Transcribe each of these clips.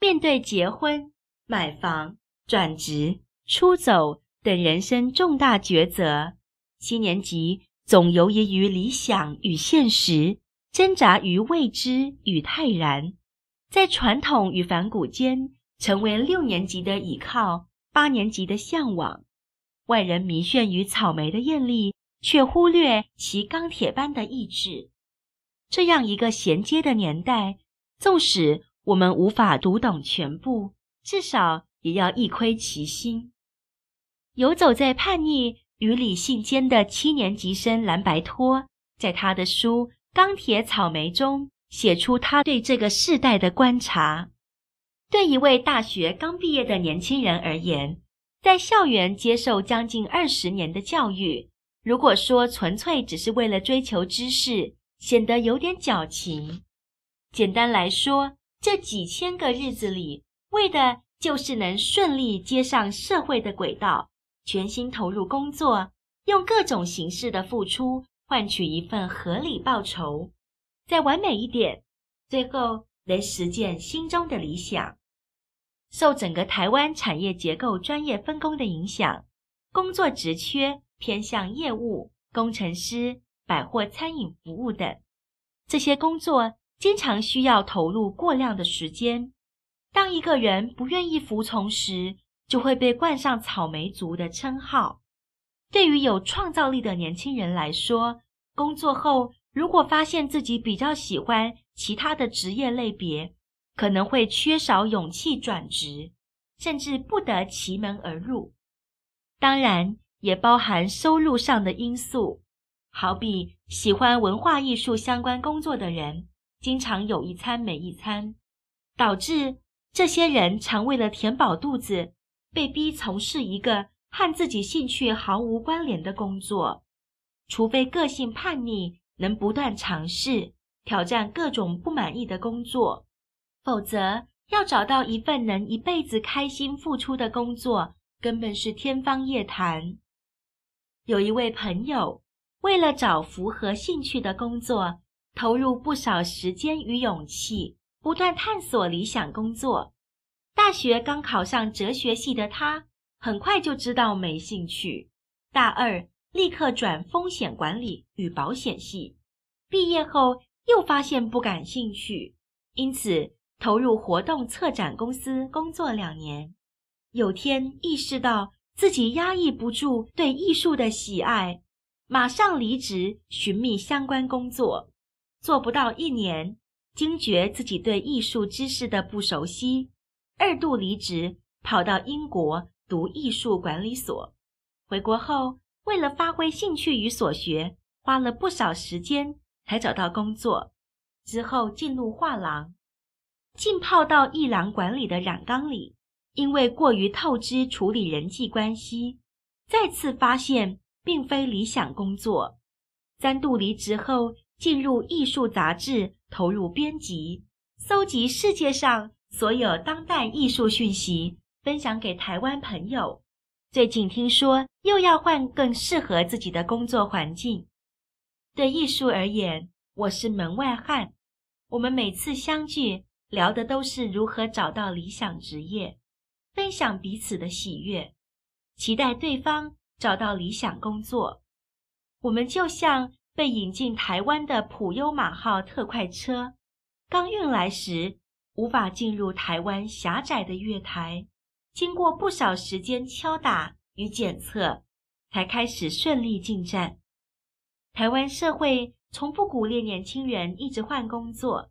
面對結婚、買房、轉職、出走等人生重大抉擇，七年級總游移於理想與現實，掙扎於未知與泰然，在傳統與反骨間，成為六年級的倚靠，八年級的嚮往。外人迷炫於草莓的豔麗，卻忽略其鋼鐵般的意志。這樣一個銜接的年代，縱使我們無法讀懂全部，至少也要一窺其心。游走在叛逆與理性間的七年級生藍白拖，在他的書《鋼鐵草莓》中，寫出他對這個世代的觀察。對一位大學剛畢業的年輕人而言，在校園接受將近二十年的教育，如果說純粹只是為了追求知識，顯得有點矯情。簡單來說，這幾千個日子裡，為的就是能順利接上社會的軌道，全心投入工作，用各種形式的付出換取一份合理報酬。再完美一點，最後，來實踐心中的理想。受整個台灣產業結構專業分工的影響，工作職缺偏向業務、工程師、百貨、餐飲、服務等。這些工作經常需要投入過量的時間。當一個人不願意服從時，就會被冠上“草莓族”的稱號。對於有創造力的年輕人來說，工作後如果發現自己比較喜歡，其他的職業類別，可能會缺少勇氣轉職，甚至不得其門而入。當然，也包含收入上的因素。好比喜歡文化藝術相關工作的人，經常有一餐沒一餐，導致這些人常為了填飽肚子，被逼從事一個和自己興趣毫無關聯的工作。除非個性叛逆，能不斷嘗試。挑戰各種不滿意的工作，否則要找到一份能一輩子開心付出的工作，根本是天方夜譚。有一位朋友為了找符合興趣的工作，投入不少時間與勇氣，不斷探索理想工作。大學剛考上哲學系的他，很快就知道沒興趣，大二立刻轉風險管理與保險系，畢業後。又發現不感興趣，因此投入活動策展公司工作兩年。有天意識到自己壓抑不住對藝術的喜愛，馬上離職尋覓相關工作。做不到一年，驚覺自己對藝術知識的不熟悉，二度離職，跑到英國讀藝術管理所。回國後，為了發揮興趣與所學，花了不少時間。才找到工作，之後進入畫廊，浸泡到藝廊管理的染缸裡。因為過於透支處理人際關係，再次發現並非理想工作。三度離職後，進入藝術雜誌，投入編輯，搜集世界上所有當代藝術訊息，分享給台灣朋友。最近聽說又要換更適合自己的工作環境。對藝術而言，我是門外漢。我們每次相聚聊的都是如何找到理想職業，分享彼此的喜悅，期待對方找到理想工作。我們就像被引進台灣的普悠瑪號特快車，剛運來時無法進入台灣狹窄的月台，經過不少時間敲打與檢測，才開始順利進站。台灣社會從不鼓勵年輕人一直換工作，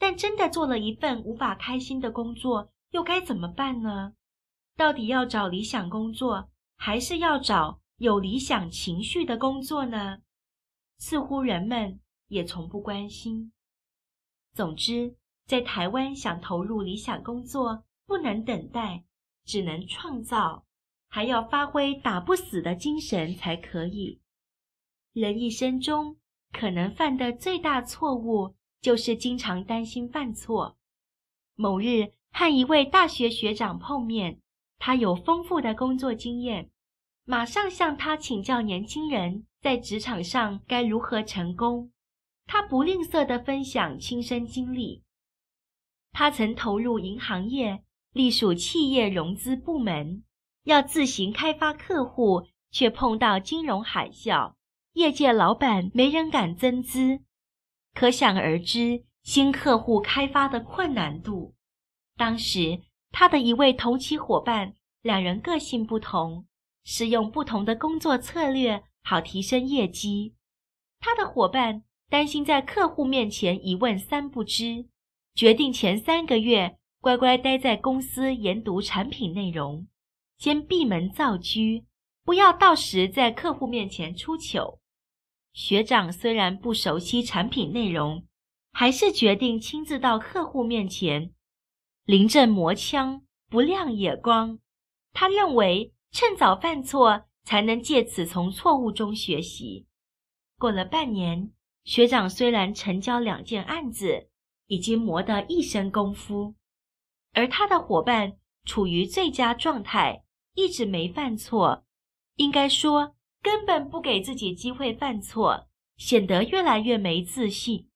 但真的做了一份無法開心的工作，又該怎麼辦呢？到底要找理想工作，還是要找有理想情緒的工作呢？似乎人們也從不關心。總之，在台灣想投入理想工作，不能等待，只能創造，還要發揮打不死的精神才可以。人一生中可能犯的最大錯誤，就是經常擔心犯錯。某日和一位大學學長碰面，他有豐富的工作經驗，馬上向他請教年輕人在職場上該如何成功。他不吝嗇地分享親身經歷。他曾投入銀行業，隸屬企業融資部門，要自行開發客戶，卻碰到金融海嘯。業界老板沒人敢增資，可想而知新客戶開發的困難度。當時他的一位同期伙伴，兩人個性不同，使用不同的工作策略，好提升業績。他的伙伴擔心在客戶面前一問三不知，決定前三個月乖乖待在公司研讀產品內容，先閉門造車，不要到時在客戶面前出糗。學長雖然不熟悉產品內容，還是決定親自到客戶面前，臨陣磨槍，不亮也光。他認為趁早犯錯，才能借此從錯誤中學習。過了半年，學長雖然成交兩件案子，已經磨得一身功夫，而他的夥伴處於最佳狀態，一直沒犯錯。應該說。根本不給自己機會犯錯，顯得越來越沒自信。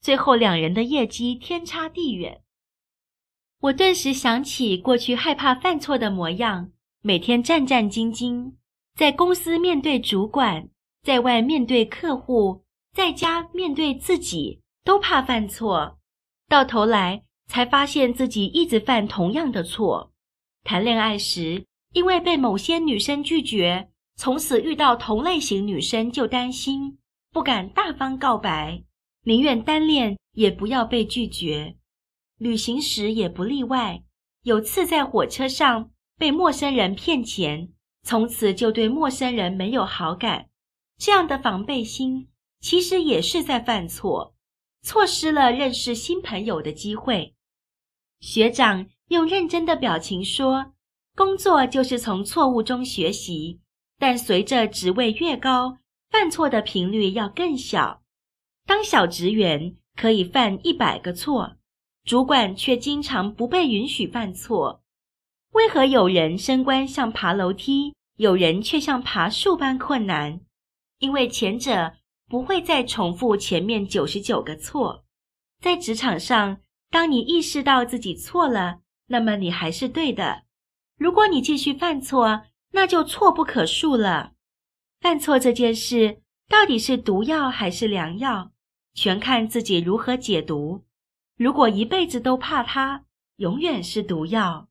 最後兩人的業績天差地遠。我頓時想起過去害怕犯錯的模樣，每天戰戰兢兢，在公司面對主管，在外面對客戶，在家面對自己，都怕犯錯。到頭來才發現自己一直犯同樣的錯。談戀愛時，因為被某些女生拒絕。從此遇到同類型女生就擔心，不敢大方告白，寧願單戀也不要被拒絕。旅行時也不例外。有次在火車上被陌生人騙錢，從此就對陌生人沒有好感。這樣的防備心其實也是在犯錯，錯失了認識新朋友的機會。學長用認真的表情說：“工作就是從錯誤中學習。”但隨着職位越高，犯錯的頻率要更小。當小職員可以犯一百個錯，主管卻經常不被允許犯錯。為何有人升官像爬樓梯，有人卻像爬樹般困難？因為前者不會再重複前面九十九個錯。在職場上，當你意識到自己錯了，那麼你還是對的。如果你繼續犯錯，那就錯不可恕了。犯錯這件事，到底是毒藥還是良藥，全看自己如何解毒。如果一輩子都怕它，永遠是毒藥。